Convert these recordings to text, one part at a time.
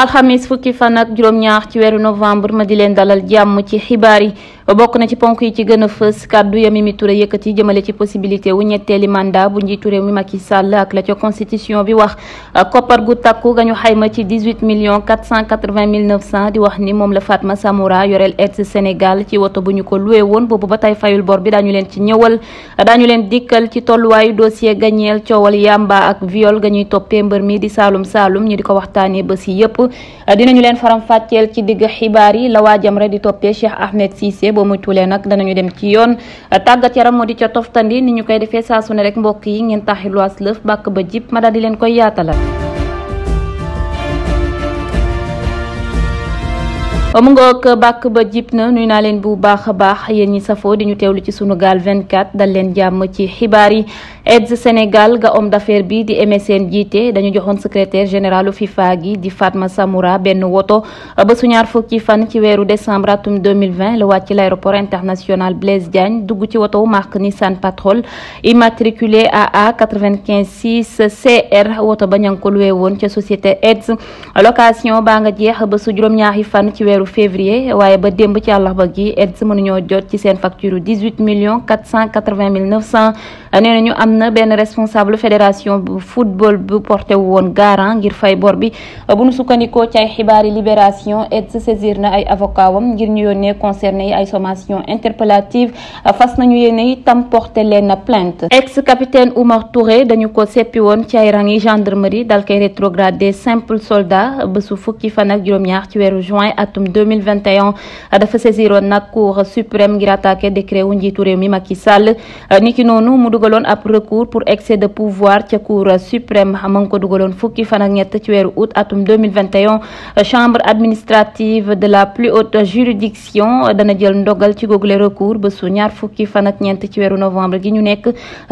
alxamis fukki fan ak juróom-ñaar ci weeru novembre ma di leen dalal jàmm ci xibaar yi bokk na ci ponk yi ci gën a fës kàddu ya Mimi Touré yëkkati jëmale ci possibilité wu ñetteeli mandat bu njiitu réew mi Macky Sall ak la ca constitution bi wax koppar gu takku gañu xayma ci 18 millions 480 mille 900 di wax ni moom la ma Samoura yoreel ex Sénégal ci woto bu ñu ko luwe woon boobu ba tey fayul bor bi daañu leen ci ñëwal daa ñu leen dikkal ci tolluwaayu dossier gañeel coowal yamba ak viol ga ñuy toppee mbër mi di Saalum Saalum ñu di ko waxtaanee bés yi yëpp dinañu leen faram fàcceel ci digg xibaar yi la waa Jamra di toppee Cheikh Ahmed Cissé boo muy tulee nag danañu dem ci yoon tàggat yaram moo di ca toftandi ni ñu koy defee saa su ne rek mbokk yi ngeen taxilu as lëf bàkk ba jib ma daal di leen koy yaatalal. mu ngoog bàkk ba jib na nuy naa leen bu baax a baax yéen ñi safoo di ñu teewlu ci sunu gaal 24 dal leen jàmm ci xibaar yi. AIDS Sénégal ga homme d'affaires bi di MSN jiite dañu joxoon secrétaire généralu FIFA gi di Fatma Samoura benn woto ba su ñaar fukki fan ci weeru décembre atum 2020 la wàcc ci l'aéroport international Blaise Diagne dugg ci woto marque Nissan Patrol immatriculé AA 956 CR woto ba ña ngi ko luwee woon ca société AIDS location baa nga jeex a ba su juróom-ñaari fan ci weeru février waaye ba démb ci àllarba gi AIDS mënuñoo jot ci seen facture 18 millions 480 mille 900 nee nañu am na benn responsable fédération bu football bu porté woon garant ngir fay bor bi bu nu sukkandikoo ci ay xibaari libération et saisir na ay avocat ngir ñu yónnee concerné yi ay sommation interpellative fas nañu yéene itam porté leen plainte ex capitaine Oumar Touré dañu ko seppi woon ci ay rang yi gendarmerie dal koy rétrogradé simple soldat bésu fukki fan ak juróom-ñaar ci weeru juin atum 2021 dafa saisiroon nag cour suprême ngir attaqué décret wu njiitu réew mi Macky Sall niki recours pour excès de pouvoir ca cour suprême ma ko dugaloon fukki fan ñett ci weeru août chambre administrative de la plus haute juridiction dana jël ndogal ci google recours ba su ñaar fukki fan ak ñeent ci weeru novembre gi ñu nekk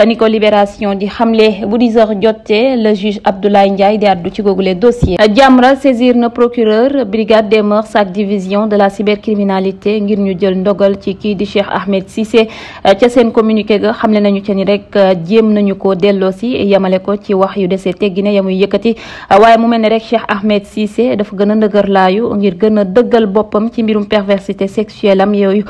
ni ko libération di xamle bu 10 heures jotee le juge Abdoulaye Ndiaye di addu ci google dossier Jamra saisir na procureur brigade des mœurs ak division de la cybercriminalité ngir ñu jël ndogal ci kii di Cheikh Ahmed Cissé jéem nañu ko delloo si yamale ko ci wax yu desee teggine yamuy yëkkati waaye mu mel ne rek Cheikh Ahmed Cissé dafa gën a ndëgër laayu ngir gën a dëggal boppam ci mbirum perversité sexuelle am yooyu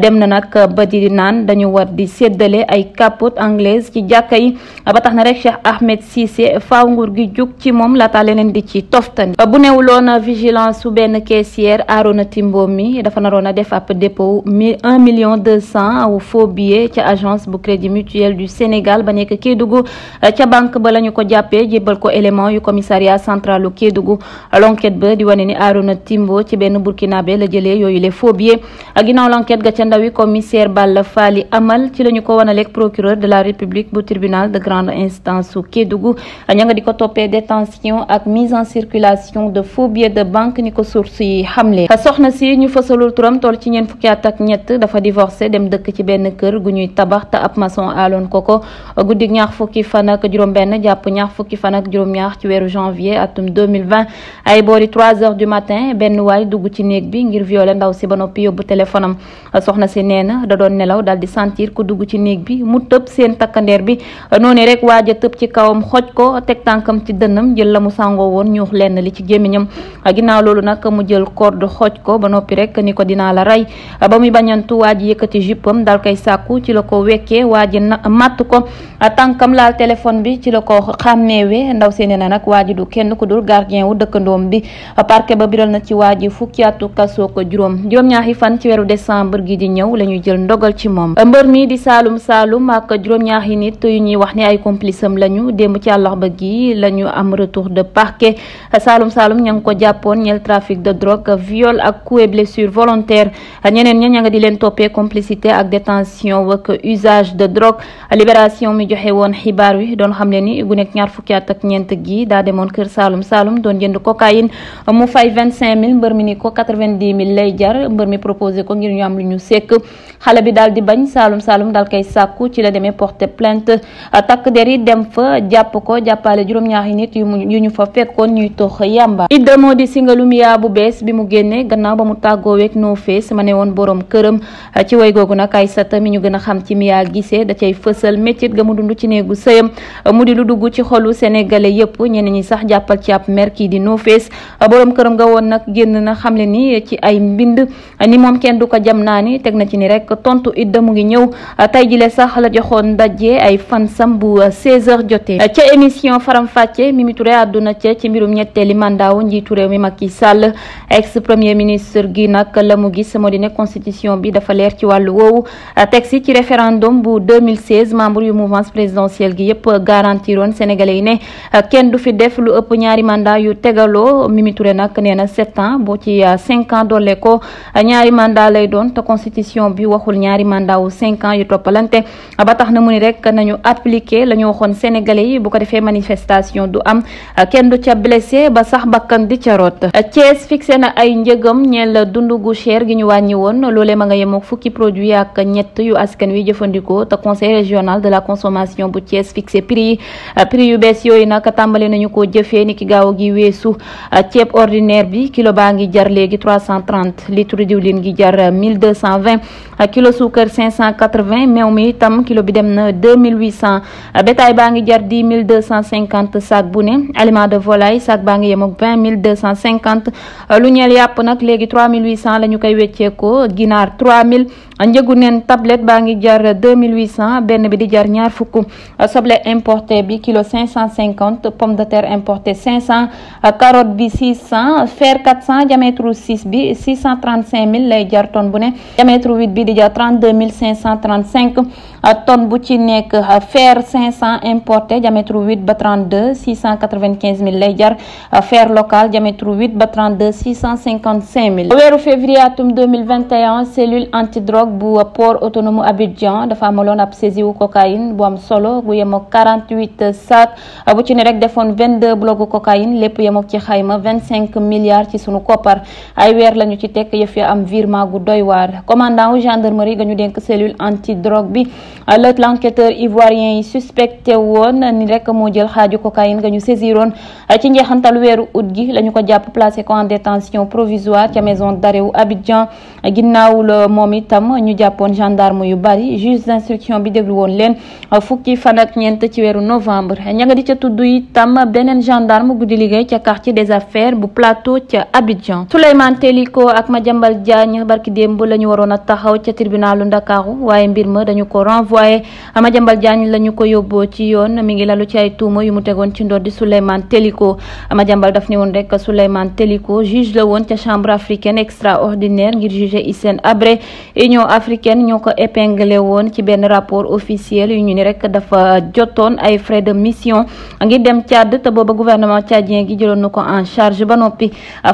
dem na nag ba di naan dañu war di séddale ay capote anglaise ci jàkka yi ba tax na rek Cheikh Ahmed Cissé faaw nguur gi jug ci moom laata leneen di ci toftani bu newuloon vigilance su benn caissière Arona Timbo mi dafa naroon a def ab dépôt un million deux cent au faux billet ca agence bu crédit mutuel du Sénégal ba nekk Kédougou euh, ca banque ba la ñu ko jàppee jébbal ko élément yu commissariat central lu Kédougou l'enquête ba di wane ni Arona Timbo ci benn burkinabé la jëlee yooyu les faux billets ginnaaw l'enquête ga ca ndawi commissaire Balla Fali amal ci la ñu ko wanaleeg procureur de la république bu tribunal de grande instance su Kédougou ña nga di ko toppee détention ak mise en circulation de faux billets de banque ni ko source yi xamle soxna si ñu fësalul turam toll ci ñeent fukki at ñett dafa divorcé dem dëkk ci benn kër gu ñuy tabax te ab maçon aaloon ko ko guddik ñaar fukki fan ak juróom-benn jàpp ñaar fukki fan ak juróom-ñaar ci weeru janvier atum 2020 ay boori 3 heures du matin benn waay dugg ci néeg bi ngir violer ndaw si ba noppi yóbbu téléphone am soxna si nee na da doon nelaw daal di sentir ku dugg ci néeg bi mu tëb seen takkandeer bi noonu rek waa ja tëb ci kawam xoj ko teg tànkam ci dënnam jël la mu sàngoo woon ñuux lenn li ci gémmiñam ginnaaw loolu nag mu jël corde xooj ko ba noppi rek ni ko dinaa la rey ba muy dal koy sàkku ci la ko tànkam laal téléphone bi ci la ko xàmmeewe ndaw si ne na nag waa du kenn ku dul gardien wu dëkkandoom bi parquet ba biral na ci waa ji fukki atu kaso ko juróom juróom-ñaari fan ci weeru décembre gi di ñëw la ñuy jël ndogal ci moom mbër mii di saalum saalum ak juróom yi nit yu ñuy wax ni ay complice am lañu démb ci ba gi la ñu am retour de parquet saalum saalum ña ngi ko jàppoon ñeel trafic de drogue viol ak coups et blessures volontaires ñeneen ña ña nga di leen toppee complicité ak détention ak de drogue libération mi joxe woon xibaar wi doon xam ne ni gu nekk ñaar fukki at ak ñeent gi daa demoon kër Saalum Saalum doon jënd cocaïne mu fay 25000 mbër mi ni ko 90000 lay jar mbër mi proposé ko ngir ñu am yu ñu fa fekkoon ñuy tox yàmba. Idda moo di singalum yaa bu bees bi mu génnee gannaaw ba mu tàggooweeg No Face ma ne woon borom këram ci way googu nag ay sata mi ñu gën a xam ci Mia Guissé da cay fësal métit ga mu dund ci néegu sëyam mu di lu dugg ci xolu sénégalais yëpp ñeneen ñi sax jàppal ci ab mer kii di Nofees borom këram nga woon nag génn na xamle ni ci ay mbind ni moom kenn du ko jam naa ni teg na ci ni rek tontu Idda mu ngi ñëw tey jile sax la joxoon ndaje ay fansam bu 16h jotee ca émission faram fàcce Mimi Touré àdduna ca ci mbirum ñetteeli mandaawu njiitu réew mi Macky Sall ex premier ministre gi nag la mu gis moo di constitution bi dafa leer ci wàllu mouvance présidentielle gi yëpp garantiroon sénégalais yi ne euh, kenn du fi def lu ëpp ñaari mandat yu tegaloo Mimi Touré nag nee na sept ans boo ci euh, cinq ans doole ko euh, ñaari mandat lay doon te constitution bi waxul ñaari mandat wu cinq ans yu toppalante ba tax na mu ni rek nañu appliqué la ñu waxoon sénégalais yi bu ko defee manifestation du am kenn du ca blessé ba sax bakkan di ca root Thiès fixé na ay njëgam ñeel dund gu cher gi ñu wàññi woon loolee a nga yemook fukki produit consommation bu Thiès fixé prix euh, prix yu bees yooyu nag tàmbali nañu ko jëfee ni ki gaaw gi weesu euh, ceeb ordinaire bi kilo baa ngi jar léegi 330 litre diwlin gi jar 1220 euh, kilo suukar 580 meew mi itam kilo bi dem na 2800 bétail baa ngi jar 10 250 sac bu ne aliment de volaille sac baa ngi yem ak 20 250 lu ñeel yàpp nag léegi 3800 la ñu koy wecceekoo ginaar 3000 njëgu neen tablette baa ngi jar 2800 benn bi di jar ñaar fukk soble importé bi kilo 550 pomme de terre importé 500 carotte bi 600 fer 400 diamètre 6 bi 635000 lay jar tonne bu ne diamètre 8 bi di jar 32535 tonne bu ci nekk fer 500 importé diamètre 8 ba 32 695000 lay jar fer local diamètre 8 ba 32 655000 weeru février atum 2021 cellule antidrogue bu port autonome Abidjan dafa amaloon ab saisie wu cocaïne bu am solo bu yemook 48 sac bu ci ne rek defoon 22 blogu cocaïne lépp yemook ci xayma 25 milliards ci sunu koppar ay weer lañu ci tekk yëf ya am virement gu doy waar commandant wu gendarmerie ga ñu dénk cellule anti drogue bi alert l'enquêteur ivoirien yi suspecté ni rek moo jël xaaju cocaïne ga ñu saisiroon ci njeexantal weeru ut gi lañu ko jàpp placé ko en détention provisoire ca maison ñu jàppoon gendarme yu bari juge d'instruction bi déglu woon leen fukki fan ak ñeent ci weeru novembre ña nga di ca tudd itam beneen gendarme guddi liggéey ca quartier des affaires bu plateau ca Abidjan Souleymane Teliko ak Madiambal Diagne barki a taxaw ko renvoyé la ko yóbboo ci yoon mi ngi lalu ci ay tuuma yu mu tegoon ci ndoddi Souleymane Teliko a daf ne woon rek Souleymane Teliko juge la woon ca chambre africaine extraordinaire ngir juger Hissène Habré africaine ñoo ko épinglé woon ci benn rapport officiel yu ñu ni rek dafa jotoon ay frais de mission ngi dem Tchad te booba gouvernement tchadien gi jëloon na ko en charge ba noppi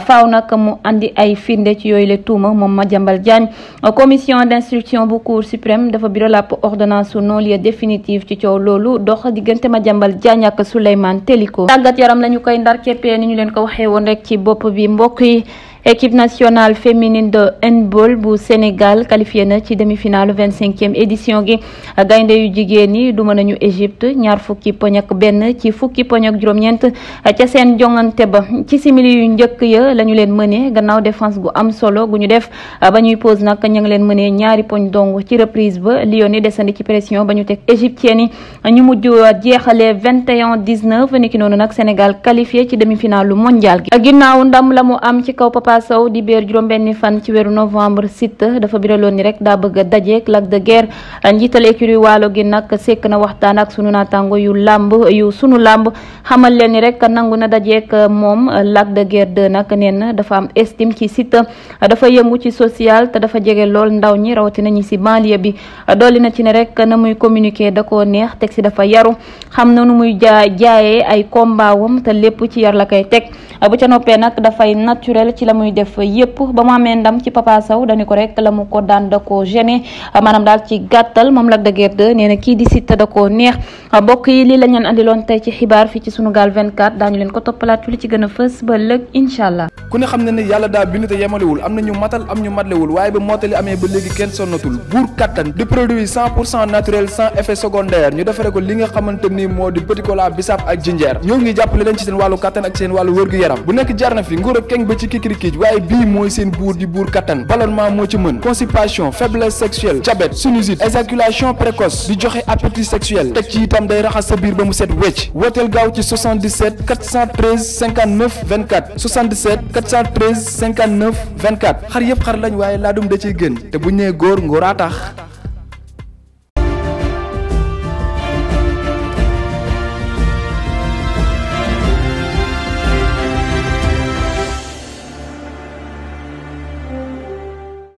faaw nag mu indi ay firnde ci yooyu la tuuma moom ma Madiambal Diagne commission d'instruction bu cour suprême dafa biro lapp ordonnance su non-lieu définitive ci coow loolu dox diggante Madiambal Diagne ak Souleymane Teliko tàggat yaram la ñu koy ndar keppee ni ñu leen ko waxee woon rek ci bopp bi mbokk yi équipe nationale féminine de handball bu Sénégal qualifié na ci demi-finale vingt-cinquième édition gi gaynde yu jigéen du duma nañu Égypte ñaar fukki poñ ak benn ci fukki poñ ak juróom-ñeent ca seen jongante ba ci simili yu njëkk ya lañu leen mënee gannaaw défense gu am solo gu ñu def ba ñuy pause nag ña ngi leen mënee ñaari poñ dong ci reprise ba Lyon yi desandi ci pression ba ñu teg égyptienne yi ñu mujj jeexalee 21 19 niki noonu nag Sénégal qualifié ci demi-finale lu mondial Papa Sow di béer juróom-benni fan ci weeru novembre Siteu dafa biraloon ni rek daa bëgg a dajeek Lac de Guiers njiital écurie Waalo gi nag sekk na waxtaan ak sunu naataango yu làmb yu sunu làmb xamal leen ni rek nangu na dajeek moom Lac de Guiers 2 nag nee na dafa am estime ci Siteu dafa yëngu ci social te dafa jege lool ndaw ñi rawatina ñi si banlieue bi dolli na ci ne rek na muy communiquer da koo neex teg si dafa yaru xam na nu muy jaa jaayee ay combat lépp ci yar la koy muy def yëpp ba mu amee ndam ci Papa dañu ko rek la mu ko daan da koo gêné maanaam daal ci gàttal moom Lac de Guiers kii di Siteu da koo neex mbokk yi lii la leen andiloon tey ci xibaar fii ci Sunugal 24 daañu leen ko toppalaat ci li ci gën a fës ba lëg incha ku ne xam na ne yàlla daa bind te yemalewul am na ñu matal am ñu matlewul waaye ba mottali amee ba léegi kenn sonnatul buur kattan di produit 100 pour cent naturel sans effet waaye bii mooy seen buur di buur kattan ballonnement moo ci mën constipation faiblesse sexuelle diabète sinusite éjaculation précoce di joxe appétit sexuel teg ci itam day raxas sa biir ba mu set wecc wooteel gaaw ci 77 413 59 24 77 413 59 24 xar yëpp xar lañ waaye laa laadum da ciy gën te bu ñëwee nee góor ngóoraa tax